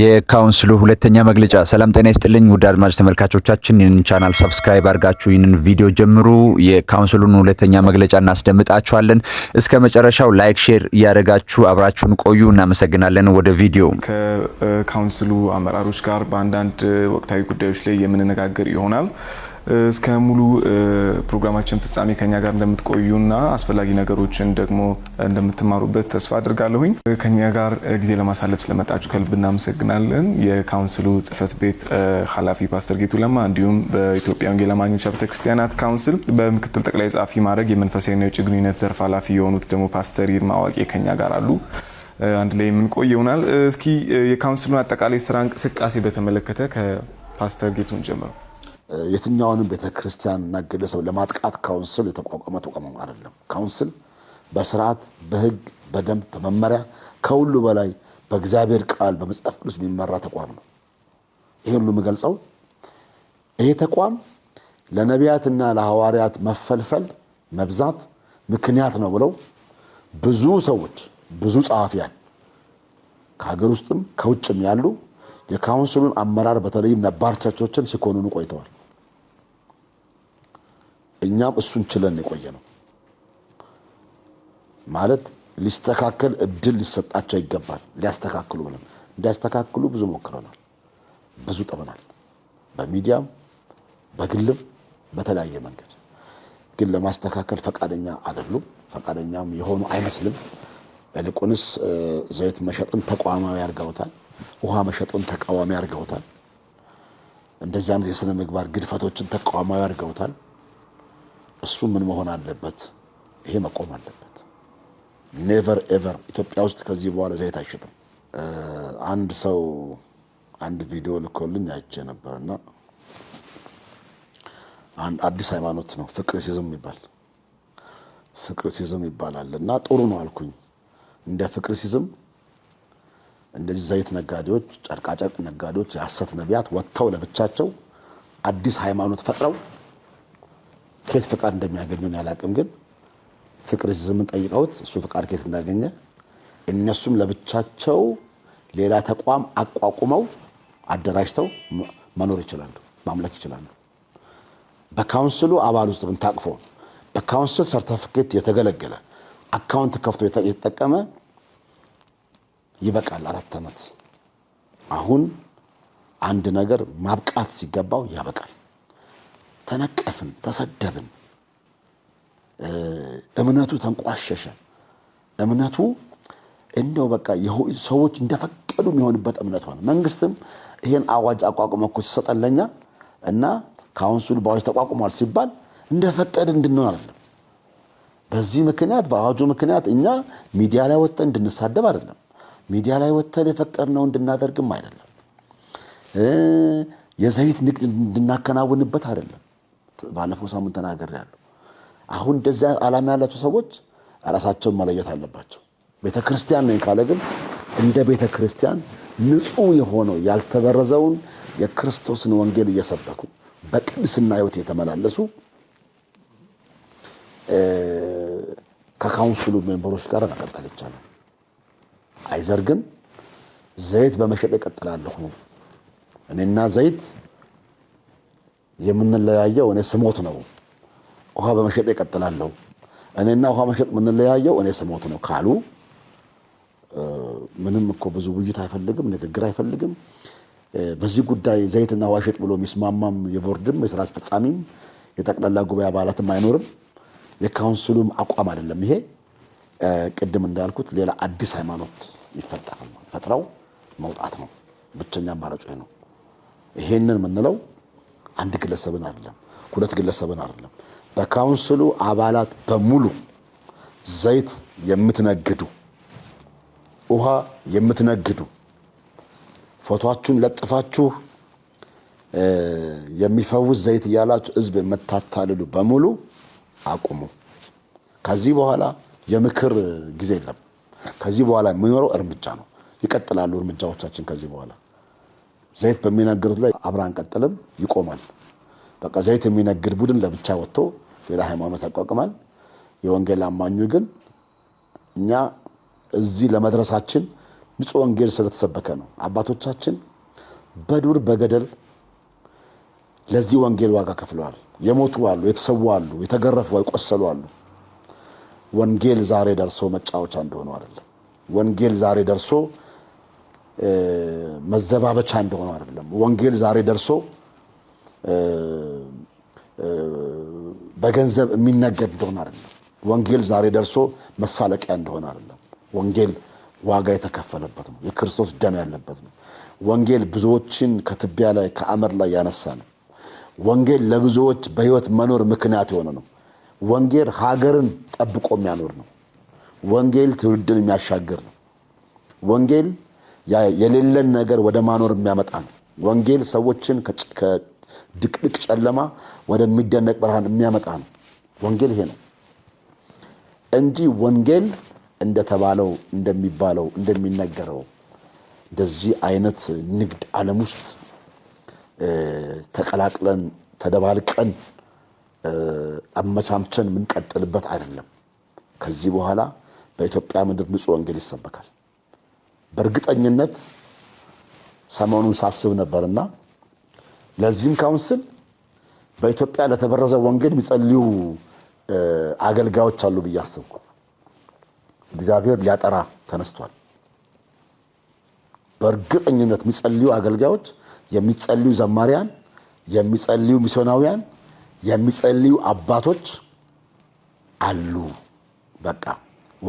የካውንስሉ ሁለተኛ መግለጫ። ሰላም ጤና ይስጥልኝ ውድ አድማጭ ተመልካቾቻችን፣ ይህንን ቻናል ሰብስክራይብ አድርጋችሁ ይህንን ቪዲዮ ጀምሩ። የካውንስሉን ሁለተኛ መግለጫ እናስደምጣችኋለን። እስከ መጨረሻው ላይክ፣ ሼር እያደረጋችሁ አብራችሁን ቆዩ። እናመሰግናለን። ወደ ቪዲዮ። ከካውንስሉ አመራሮች ጋር በአንዳንድ ወቅታዊ ጉዳዮች ላይ የምንነጋገር ይሆናል። እስከ ሙሉ ፕሮግራማችን ፍጻሜ ከኛ ጋር እንደምትቆዩና አስፈላጊ ነገሮችን ደግሞ እንደምትማሩበት ተስፋ አድርጋለሁኝ። ከኛ ጋር ጊዜ ለማሳለፍ ስለመጣችሁ ከልብ እናመሰግናለን። የካውንስሉ ጽህፈት ቤት ኃላፊ ፓስተር ጌቱ ለማ እንዲሁም በኢትዮጵያ ወንጌል አማኞች ቤተ ክርስቲያናት ካውንስል በምክትል ጠቅላይ ጸሐፊ ማድረግ የመንፈሳዊና የውጭ ግንኙነት ዘርፍ ኃላፊ የሆኑት ደግሞ ፓስተር ይርማ አዋቂ ከኛ ጋር አሉ። አንድ ላይ የምንቆይ ይሆናል። እስኪ የካውንስሉን አጠቃላይ ስራ እንቅስቃሴ በተመለከተ ከፓስተር ጌቱን ጀምረው የትኛውንም ቤተ ክርስቲያንና ግለሰብ ለማጥቃት ካውንስል የተቋቋመ ተቋም አይደለም። ካውንስል በስርዓት በህግ በደንብ በመመሪያ ከሁሉ በላይ በእግዚአብሔር ቃል በመጽሐፍ ቅዱስ የሚመራ ተቋም ነው። ይህ ሁሉ የሚገልጸው ይሄ ተቋም ለነቢያትና ለሐዋርያት መፈልፈል መብዛት ምክንያት ነው ብለው ብዙ ሰዎች ብዙ ጸሐፊያን ከሀገር ውስጥም ከውጭም ያሉ የካውንስሉን አመራር በተለይም ነባር ቸርቾችን ሲኮንኑ ቆይተዋል። እኛም እሱን ችለን የቆየ ነው ማለት ሊስተካከል እድል ሊሰጣቸው ይገባል። ሊያስተካክሉ ብለን እንዲያስተካክሉ ብዙ ሞክረናል፣ ብዙ ጥረናል፣ በሚዲያም በግልም በተለያየ መንገድ ግን ለማስተካከል ፈቃደኛ አይደሉም። ፈቃደኛም የሆኑ አይመስልም። ይልቁንስ ዘይት መሸጥን ተቋማዊ አድርገውታል። ውሃ መሸጥን ተቃዋሚ አድርገውታል። እንደዚህ አይነት የሥነ ምግባር ግድፈቶችን ተቋማዊ አድርገውታል። እሱ ምን መሆን አለበት? ይሄ መቆም አለበት። ኔቨር ኤቨር ኢትዮጵያ ውስጥ ከዚህ በኋላ ዘይት አይሽጥም። አንድ ሰው አንድ ቪዲዮ ልኮልኝ አይቼ ነበር እና አዲስ ሃይማኖት ነው ፍቅር ሲዝም ይባል ፍቅር ሲዝም ይባላል እና ጥሩ ነው አልኩኝ። እንደ ፍቅር ሲዝም እንደዚህ ዘይት ነጋዴዎች፣ ጨርቃጨርቅ ነጋዴዎች፣ የሐሰት ነቢያት ወጥተው ለብቻቸው አዲስ ሃይማኖት ፈጥረው ከየት ፍቃድ እንደሚያገኙ ነው ያላቅም። ግን ፍቅር ዝምን ጠይቀውት እሱ ፍቃድ ከየት እንዳገኘ እነሱም ለብቻቸው ሌላ ተቋም አቋቁመው አደራጅተው መኖር ይችላሉ፣ ማምለክ ይችላሉ። በካውንስሉ አባል ውስጥ ብን ታቅፎ በካውንስል ሰርተፍኬት የተገለገለ አካውንት ከፍቶ የተጠቀመ ይበቃል። አራት ዓመት አሁን አንድ ነገር ማብቃት ሲገባው ያበቃል። ተነቀፍን፣ ተሰደብን። እምነቱ ተንቋሸሸ። እምነቱ እንደው በቃ ሰዎች እንደፈቀዱ የሚሆንበት እምነት ሆነ። መንግስትም ይሄን አዋጅ አቋቁሞ እኮ ሲሰጠን ለእኛ እና ካውንስሉ በአዋጅ ተቋቁሟል ሲባል እንደፈቀድ እንድንሆን አይደለም። በዚህ ምክንያት በአዋጁ ምክንያት እኛ ሚዲያ ላይ ወጥተን እንድንሳደብ አይደለም። ሚዲያ ላይ ወጥተን የፈቀድነው እንድናደርግም አይደለም። የዘይት ንግድ እንድናከናውንበት አይደለም። ባለፈው ሳምንት ያለ አሁን እንደዚያ ዓላማ ያላቸው ሰዎች ራሳቸውን መለየት አለባቸው። ቤተ ክርስቲያን ነኝ ካለ ግን እንደ ቤተ ክርስቲያን የሆነው ያልተበረዘውን የክርስቶስን ወንጌል እየሰበኩ በቅድስና ህይወት የተመላለሱ ከካውንስሉ ሜምበሮች ጋር መቀጠል ይቻላል። አይዘር ግን ዘይት በመሸጥ እቀጥላለሁ። እኔና ዘይት የምንለያየው እኔ ስሞት ነው። ውሃ በመሸጥ ይቀጥላለሁ። እኔና ውሃ መሸጥ የምንለያየው እኔ ስሞት ነው ካሉ ምንም እኮ ብዙ ውይይት አይፈልግም፣ ንግግር አይፈልግም። በዚህ ጉዳይ ዘይትና ውሃ ሸጥ ብሎ የሚስማማም የቦርድም የስራ አስፈጻሚም የጠቅላላ ጉባኤ አባላትም አይኖርም። የካውንስሉም አቋም አይደለም ይሄ። ቅድም እንዳልኩት ሌላ አዲስ ሃይማኖት ይፈጠራል። ፈጥረው መውጣት ነው ብቸኛ አማራጭ ነው። ይሄንን የምንለው አንድ ግለሰብን አይደለም፣ ሁለት ግለሰብን አይደለም። በካውንስሉ አባላት በሙሉ ዘይት የምትነግዱ፣ ውሃ የምትነግዱ፣ ፎቶችሁን ለጥፋችሁ የሚፈውስ ዘይት እያላችሁ ህዝብ የምታታልሉ በሙሉ አቁሙ። ከዚህ በኋላ የምክር ጊዜ የለም። ከዚህ በኋላ የሚኖረው እርምጃ ነው። ይቀጥላሉ እርምጃዎቻችን ከዚህ በኋላ ዘይት በሚነግሩት ላይ አብረን አንቀጥልም፣ ይቆማል። በቃ ዘይት የሚነግድ ቡድን ለብቻ ወጥቶ ሌላ ሃይማኖት ያቋቁማል። የወንጌል አማኙ ግን እኛ እዚህ ለመድረሳችን ንጹህ ወንጌል ስለተሰበከ ነው። አባቶቻችን በዱር በገደል ለዚህ ወንጌል ዋጋ ከፍለዋል። የሞቱ አሉ፣ የተሰዉ አሉ፣ የተገረፉ የቆሰሉ አሉ። ወንጌል ዛሬ ደርሶ መጫወቻ እንደሆነው አይደለም። ወንጌል ዛሬ ደርሶ መዘባበቻ እንደሆነ አይደለም። ወንጌል ዛሬ ደርሶ በገንዘብ የሚነገድ እንደሆነ አይደለም። ወንጌል ዛሬ ደርሶ መሳለቂያ እንደሆነ አይደለም። ወንጌል ዋጋ የተከፈለበት ነው። የክርስቶስ ደም ያለበት ነው። ወንጌል ብዙዎችን ከትቢያ ላይ ከአመድ ላይ ያነሳ ነው። ወንጌል ለብዙዎች በህይወት መኖር ምክንያት የሆነ ነው። ወንጌል ሀገርን ጠብቆ የሚያኖር ነው። ወንጌል ትውልድን የሚያሻግር ነው። ወንጌል የሌለን ነገር ወደ ማኖር የሚያመጣ ነው። ወንጌል ሰዎችን ከድቅድቅ ጨለማ ወደሚደነቅ ብርሃን የሚያመጣ ነው። ወንጌል ይሄ ነው እንጂ ወንጌል እንደተባለው እንደሚባለው እንደሚነገረው እንደዚህ አይነት ንግድ ዓለም ውስጥ ተቀላቅለን ተደባልቀን አመቻምቸን የምንቀጥልበት አይደለም። ከዚህ በኋላ በኢትዮጵያ ምድር ንጹሕ ወንጌል ይሰበካል። በእርግጠኝነት ሰሞኑን ሳስብ ነበርና ለዚህም ካውንስል በኢትዮጵያ ለተበረዘ ወንጌል የሚጸልዩ አገልጋዮች አሉ ብዬ አስብኩ። እግዚአብሔር ሊያጠራ ተነስቷል። በእርግጠኝነት የሚጸልዩ አገልጋዮች፣ የሚጸልዩ ዘማሪያን፣ የሚጸልዩ ሚስዮናውያን፣ የሚጸልዩ አባቶች አሉ። በቃ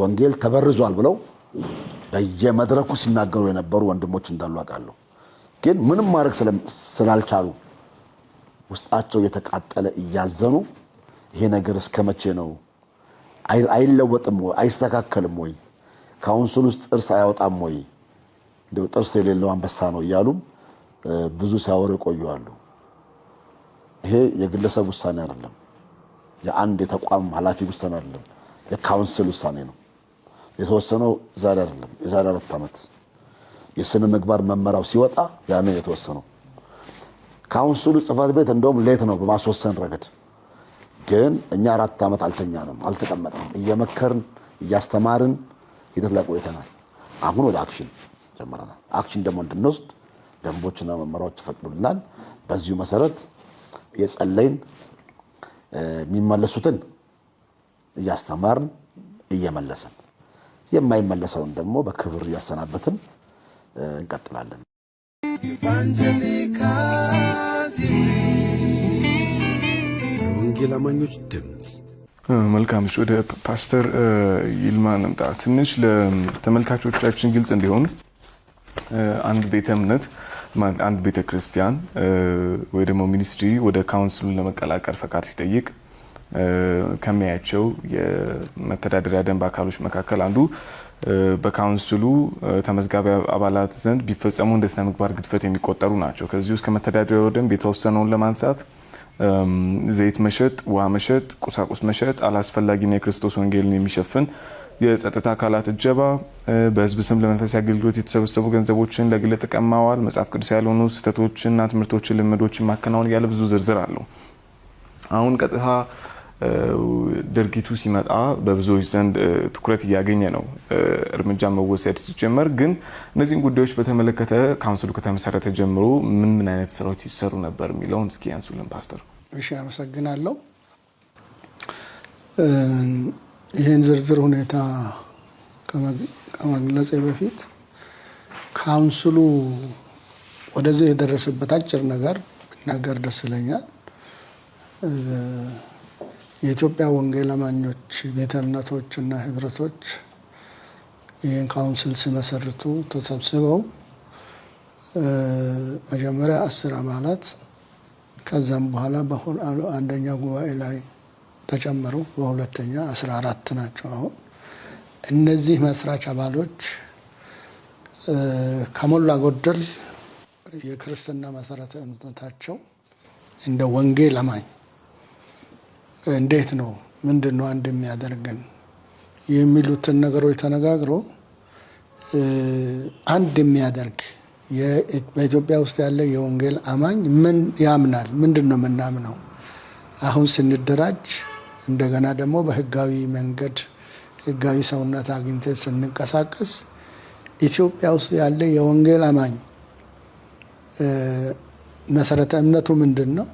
ወንጌል ተበርዟል ብለው በየመድረኩ ሲናገሩ የነበሩ ወንድሞች እንዳሉ አውቃለሁ። ግን ምንም ማድረግ ስላልቻሉ ውስጣቸው የተቃጠለ እያዘኑ ይሄ ነገር እስከ መቼ ነው አይለወጥም ወይ አይስተካከልም ወይ ካውንስል ውስጥ ጥርስ አያወጣም ወይ እንደው ጥርስ የሌለው አንበሳ ነው እያሉም ብዙ ሲያወሩ ይቆዩዋሉ። ይሄ የግለሰብ ውሳኔ አይደለም። የአንድ የተቋም ኃላፊ ውሳኔ አይደለም። የካውንስል ውሳኔ ነው። የተወሰነው ዛሬ አይደለም፣ የዛሬ አራት ዓመት የስነ ምግባር መመሪያው ሲወጣ ያኔ የተወሰነው። ካውንስሉ ጽህፈት ቤት እንደውም ሌት ነው በማስወሰን ረገድ። ግን እኛ አራት ዓመት አልተኛንም፣ አልተቀመጠም፣ እየመከርን እያስተማርን ሂደት ላይ ቆይተናል። አሁን ወደ አክሽን ጀምረናል። አክሽን ደግሞ እንድንወስድ ደንቦችና መመሪያዎች ይፈቅዱልናል። በዚሁ መሰረት የጸለይን የሚመለሱትን እያስተማርን እየመለሰን የማይመለሰውን ደግሞ በክብር እያሰናበትን እንቀጥላለን። የወንጌል አማኞች ድምፅ። መልካም እሺ፣ ወደ ፓስተር ይልማ እንምጣ። ትንሽ ለተመልካቾቻችን ግልጽ እንዲሆን አንድ ቤተ እምነት አንድ ቤተ ክርስቲያን ወይ ደግሞ ሚኒስትሪ ወደ ካውንስሉን ለመቀላቀል ፈቃድ ሲጠይቅ ከሚያያቸው የመተዳደሪያ ደንብ አካሎች መካከል አንዱ በካውንስሉ ተመዝጋቢ አባላት ዘንድ ቢፈጸሙ እንደ ስነ ምግባር ግድፈት የሚቆጠሩ ናቸው። ከዚህ ውስጥ ከመተዳደሪያው ደንብ የተወሰነውን ለማንሳት ዘይት መሸጥ፣ ውሃ መሸጥ፣ ቁሳቁስ መሸጥ፣ አላስፈላጊና የክርስቶስ ወንጌልን የሚሸፍን የጸጥታ አካላት እጀባ፣ በህዝብ ስም ለመንፈሳዊ አገልግሎት የተሰበሰቡ ገንዘቦችን ለግል ጥቅም ማዋል፣ መጽሐፍ ቅዱስ ያልሆኑ ስህተቶችና ትምህርቶችን ልምዶችን ማከናወን እያለ ብዙ ዝርዝር አለው። አሁን ቀጥታ ድርጊቱ ሲመጣ በብዙዎች ዘንድ ትኩረት እያገኘ ነው። እርምጃ መወሰድ ሲጀመር ግን እነዚህን ጉዳዮች በተመለከተ ካውንስሉ ከተመሰረተ ጀምሮ ምን ምን አይነት ስራዎች ይሰሩ ነበር የሚለውን እስኪ ያንሱልን ፓስተር። እሺ፣ አመሰግናለሁ። ይህን ዝርዝር ሁኔታ ከመግለጼ በፊት ካውንስሉ ወደዚህ የደረሰበት አጭር ነገር ነገር ደስ ይለኛል። የኢትዮጵያ ወንጌል አማኞች ቤተ እምነቶችና ህብረቶች ይህን ካውንስል ሲመሰርቱ ተሰብስበው መጀመሪያ አስር አባላት ከዛም በኋላ አንደኛ ጉባኤ ላይ ተጨመሩ። በሁለተኛ አስራ አራት ናቸው። አሁን እነዚህ መስራች አባሎች ከሞላ ጎደል የክርስትና መሰረተ እምነታቸው እንደ ወንጌል አማኝ እንዴት ነው ምንድን ነው አንድ የሚያደርገን የሚሉትን ነገሮች ተነጋግሮ አንድ የሚያደርግ በኢትዮጵያ ውስጥ ያለ የወንጌል አማኝ ምን ያምናል? ምንድን ነው የምናምነው? አሁን ስንደራጅ እንደገና ደግሞ በህጋዊ መንገድ ህጋዊ ሰውነት አግኝተን ስንንቀሳቀስ ኢትዮጵያ ውስጥ ያለ የወንጌል አማኝ መሰረተ እምነቱ ምንድን ነው?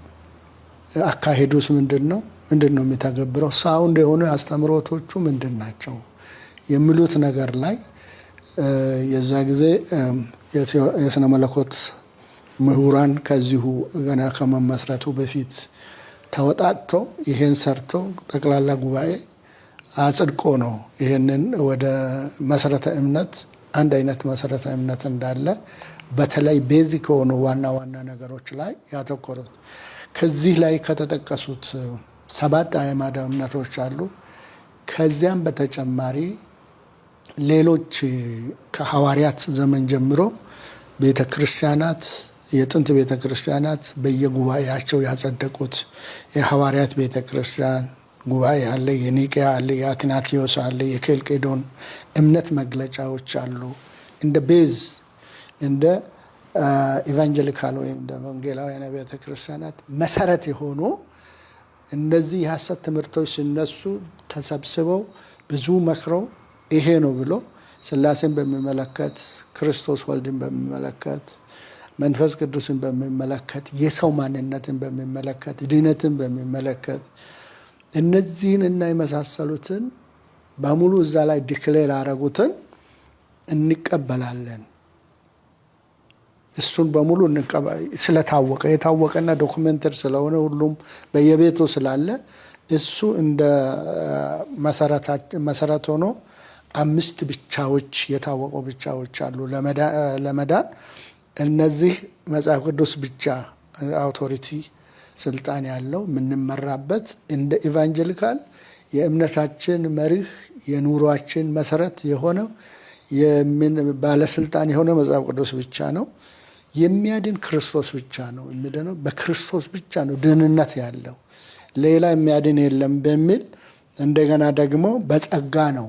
አካሄዱስ ምንድን ነው? ምንድን ነው የሚተገብረው ሳውንድ የሆኑ አስተምሮቶቹ ምንድን ናቸው የሚሉት ነገር ላይ የዛ ጊዜ የስነ መለኮት ምሁራን ከዚሁ ገና ከመመስረቱ በፊት ተወጣጥቶ ይሄን ሰርቶ ጠቅላላ ጉባኤ አጽድቆ ነው ይሄንን ወደ መሰረተ እምነት አንድ አይነት መሰረተ እምነት እንዳለ በተለይ ቤዚ ከሆኑ ዋና ዋና ነገሮች ላይ ያተኮሩት ከዚህ ላይ ከተጠቀሱት ሰባት አእማደ እምነቶች አሉ። ከዚያም በተጨማሪ ሌሎች ከሐዋርያት ዘመን ጀምሮ ቤተ ክርስቲያናት የጥንት ቤተ ክርስቲያናት በየጉባኤያቸው ያጸደቁት የሐዋርያት ቤተ ክርስቲያን ጉባኤ አለ፣ የኒቅያ አለ፣ የአትናቴዎስ አለ፣ የኬልቄዶን እምነት መግለጫዎች አሉ። እንደ ቤዝ እንደ ኢቫንጀሊካል ወይም ወንጌላውያን ቤተ ክርስቲያናት መሰረት የሆኑ እነዚህ የሐሰት ትምህርቶች ሲነሱ ተሰብስበው ብዙ መክረው ይሄ ነው ብሎ ስላሴን በሚመለከት ክርስቶስ ወልድን በሚመለከት መንፈስ ቅዱስን በሚመለከት የሰው ማንነትን በሚመለከት ድነትን በሚመለከት እነዚህን እና የመሳሰሉትን በሙሉ እዛ ላይ ዲክሌር አረጉትን እንቀበላለን። እሱን በሙሉ ስለታወቀ የታወቀና ዶክመንተር ስለሆነ ሁሉም በየቤቱ ስላለ እሱ እንደ መሰረት ሆኖ አምስት ብቻዎች የታወቁ ብቻዎች አሉ ለመዳን። እነዚህ መጽሐፍ ቅዱስ ብቻ አውቶሪቲ ስልጣን ያለው የምንመራበት እንደ ኢቫንጀሊካል የእምነታችን መሪህ የኑሯችን መሰረት የሆነው ባለስልጣን የሆነ መጽሐፍ ቅዱስ ብቻ ነው። የሚያድን ክርስቶስ ብቻ ነው የሚድነው። በክርስቶስ ብቻ ነው ድህንነት ያለው ሌላ የሚያድን የለም በሚል እንደገና ደግሞ በጸጋ ነው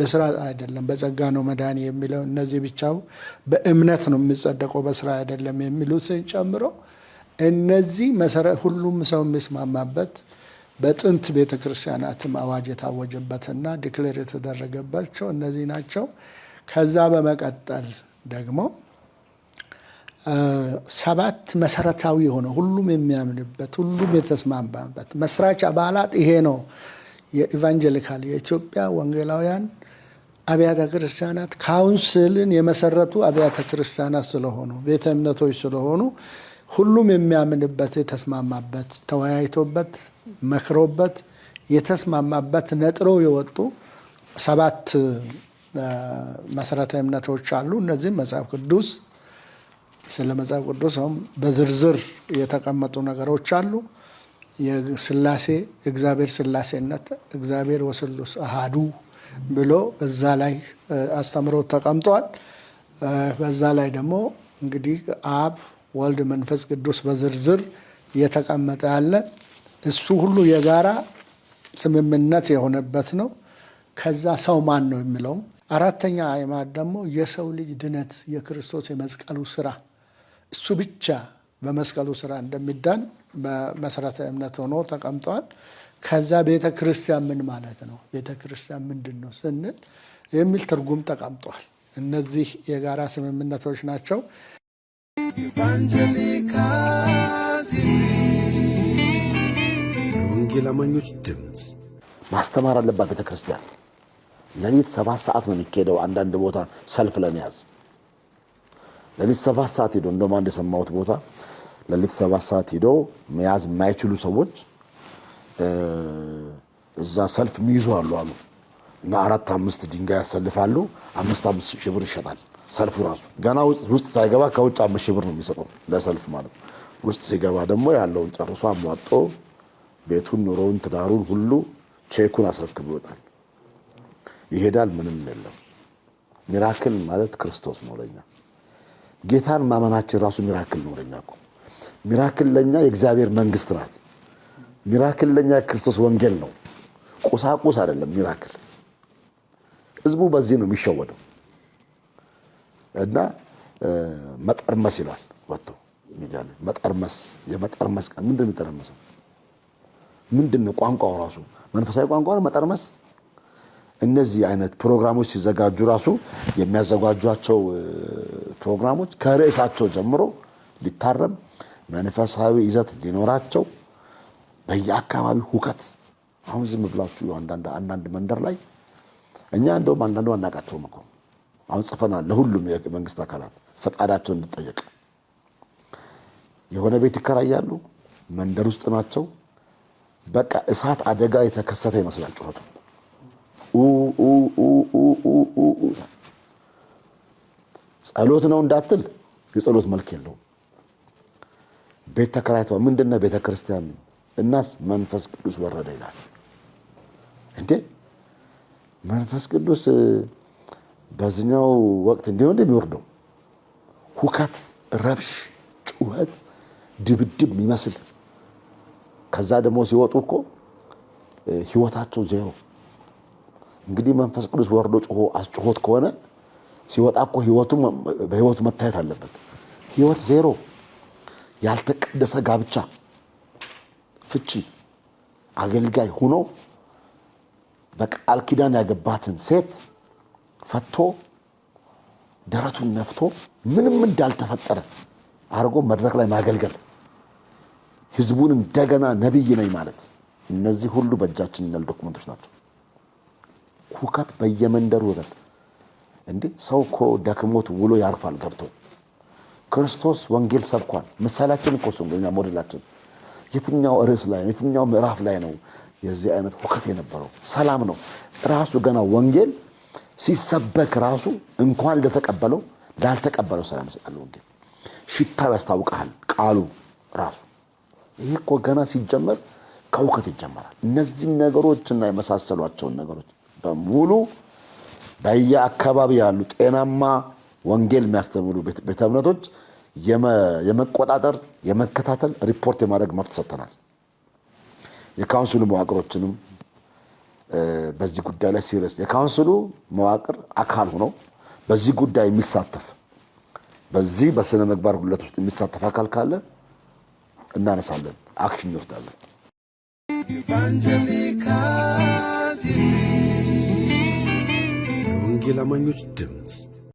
በስራ አይደለም፣ በጸጋ ነው መዳን የሚለው እነዚህ ብቻው በእምነት ነው የሚጸደቀው በስራ አይደለም የሚሉትን ጨምሮ እነዚህ መሰረት ሁሉም ሰው የሚስማማበት በጥንት ቤተ ክርስቲያናትም አዋጅ የታወጀበትና ዲክሌር የተደረገባቸው እነዚህ ናቸው። ከዛ በመቀጠል ደግሞ ሰባት መሰረታዊ የሆነ ሁሉም የሚያምንበት ሁሉም የተስማማበት መስራች አባላት ይሄ ነው። የኢቫንጀሊካል የኢትዮጵያ ወንጌላውያን አብያተ ክርስቲያናት ካውንስልን የመሰረቱ አብያተ ክርስቲያናት ስለሆኑ ቤተ እምነቶች ስለሆኑ ሁሉም የሚያምንበት የተስማማበት ተወያይቶበት መክሮበት የተስማማበት ነጥሮ የወጡ ሰባት መሰረተ እምነቶች አሉ። እነዚህም መጽሐፍ ቅዱስ ስለ መጽሐፍ ቅዱስም በዝርዝር የተቀመጡ ነገሮች አሉ። የስላሴ እግዚአብሔር ስላሴነት እግዚአብሔር ወስሉስ አሃዱ ብሎ እዛ ላይ አስተምሮ ተቀምጧል። በዛ ላይ ደግሞ እንግዲህ አብ ወልድ መንፈስ ቅዱስ በዝርዝር እየተቀመጠ ያለ እሱ ሁሉ የጋራ ስምምነት የሆነበት ነው። ከዛ ሰው ማን ነው የሚለውም አራተኛ አዕማድ ደግሞ የሰው ልጅ ድነት የክርስቶስ የመስቀሉ ስራ እሱ ብቻ በመስቀሉ ስራ እንደሚዳን በመሰረተ እምነት ሆኖ ተቀምጧል። ከዛ ቤተ ክርስቲያን ምን ማለት ነው፣ ቤተ ክርስቲያን ምንድን ነው ስንል የሚል ትርጉም ተቀምጧል። እነዚህ የጋራ ስምምነቶች ናቸው። የወንጌል አማኞች ድምፅ ማስተማር አለባት ቤተ ክርስቲያን። ሌሊት ሰባት ሰዓት ነው የሚካሄደው። አንዳንድ ቦታ ሰልፍ ለመያዝ ለሊት ሰባት ሰዓት ሄዶ እንደውም አንድ የሰማሁት ቦታ ለሊት ሰባት ሰዓት ሄዶ መያዝ የማይችሉ ሰዎች እዛ ሰልፍ የሚይዙ አሉ አሉ እና አራት አምስት ድንጋይ ያሰልፋሉ። አምስት አምስት ሺህ ብር ይሸጣል ሰልፉ ራሱ ገና ውስጥ ሳይገባ ከውጭ አምስት ሺህ ብር ነው የሚሰጠው ለሰልፍ ማለት ነው። ውስጥ ሲገባ ደግሞ ያለውን ጨርሶ አሟጦ ቤቱን፣ ኑሮውን፣ ትዳሩን ሁሉ ቼኩን አስረክብ ይወጣል። ይሄዳል። ምንም የለም። ሚራክል ማለት ክርስቶስ ነው ለኛ። ጌታን ማመናችን ራሱ ሚራክል ነው ለኛ እኮ። ሚራክል ለኛ የእግዚአብሔር መንግስት ናት። ሚራክል ለኛ የክርስቶስ ወንጌል ነው፣ ቁሳቁስ አይደለም። ሚራክል ህዝቡ በዚህ ነው የሚሸወደው እና መጠርመስ ይላል ወጥቶ ሚዲያ ላይ መጠርመስ። የመጠርመስ ምንድን ነው የሚጠረመሰው? ምንድን ነው ቋንቋው ራሱ መንፈሳዊ ቋንቋ ነው መጠርመስ እነዚህ አይነት ፕሮግራሞች ሲዘጋጁ ራሱ የሚያዘጋጇቸው ፕሮግራሞች ከርዕሳቸው ጀምሮ ሊታረም መንፈሳዊ ይዘት ሊኖራቸው በየአካባቢ ሁከት አሁን ዝም ብላችሁ አንዳንድ መንደር ላይ እኛ እንደውም አንዳንዱ አናቃቸውም እኮ አሁን ጽፈናል ለሁሉም የመንግስት አካላት ፈቃዳቸው እንዲጠየቅ የሆነ ቤት ይከራያሉ መንደር ውስጥ ናቸው በቃ እሳት አደጋ የተከሰተ ይመስላል ጩኸቱ ጸሎት ነው እንዳትል የጸሎት መልክ የለውም። ቤት ተከራይቷል። ምንድን ቤተ ክርስቲያን? እናስ መንፈስ ቅዱስ ወረደ ይላል። እንዴ መንፈስ ቅዱስ በዚኛው ወቅት እንዲሁ እንደ የሚወርደው ሁከት፣ ረብሽ፣ ጩኸት፣ ድብድብ የሚመስል ከዛ ደግሞ ሲወጡ እኮ ህይወታቸው ዜሮ። እንግዲህ መንፈስ ቅዱስ ወርዶ ጩሆ አስጩሆት ከሆነ ሲወጣ እኮ በህይወቱ መታየት አለበት። ህይወት ዜሮ፣ ያልተቀደሰ ጋብቻ፣ ፍቺ፣ አገልጋይ ሆኖ በቃል ኪዳን ያገባትን ሴት ፈቶ ደረቱን ነፍቶ ምንም እንዳልተፈጠረ አድርጎ መድረክ ላይ ማገልገል፣ ህዝቡን እንደገና ነቢይ ነኝ ማለት እነዚህ ሁሉ በእጃችን ያሉ ዶክመንቶች ናቸው። ሁከት በየመንደሩ ወተት እንዴ ሰው እኮ ደክሞት ውሎ ያርፋል ገብቶ። ክርስቶስ ወንጌል ሰብኳል። ምሳሌያችን እኮ እሱ ሞዴላችን። የትኛው ርዕስ ላይ የትኛው ምዕራፍ ላይ ነው የዚህ አይነት ሁከት የነበረው? ሰላም ነው ራሱ። ገና ወንጌል ሲሰበክ ራሱ እንኳን ለተቀበለው ላልተቀበለው ሰላም ይሰጣል ወንጌል። ሽታው ያስታውቃል ቃሉ ራሱ። ይህ እኮ ገና ሲጀመር ከውከት ይጀመራል። እነዚህ ነገሮችና የመሳሰሏቸውን ነገሮች በሙሉ በየአካባቢ ያሉ ጤናማ ወንጌል የሚያስተምሩ ቤተ እምነቶች የመቆጣጠር የመከታተል ሪፖርት የማድረግ መፍት ሰጥተናል። የካውንስሉ መዋቅሮችንም በዚህ ጉዳይ ላይ ሲሪየስ የካውንስሉ መዋቅር አካል ሆኖ በዚህ ጉዳይ የሚሳተፍ በዚህ በስነ ምግባር ጉድለት ውስጥ የሚሳተፍ አካል ካለ እናነሳለን፣ አክሽን ይወስዳለን። ኢቫንጀሊካል የወንጌል አማኞች ድምፅ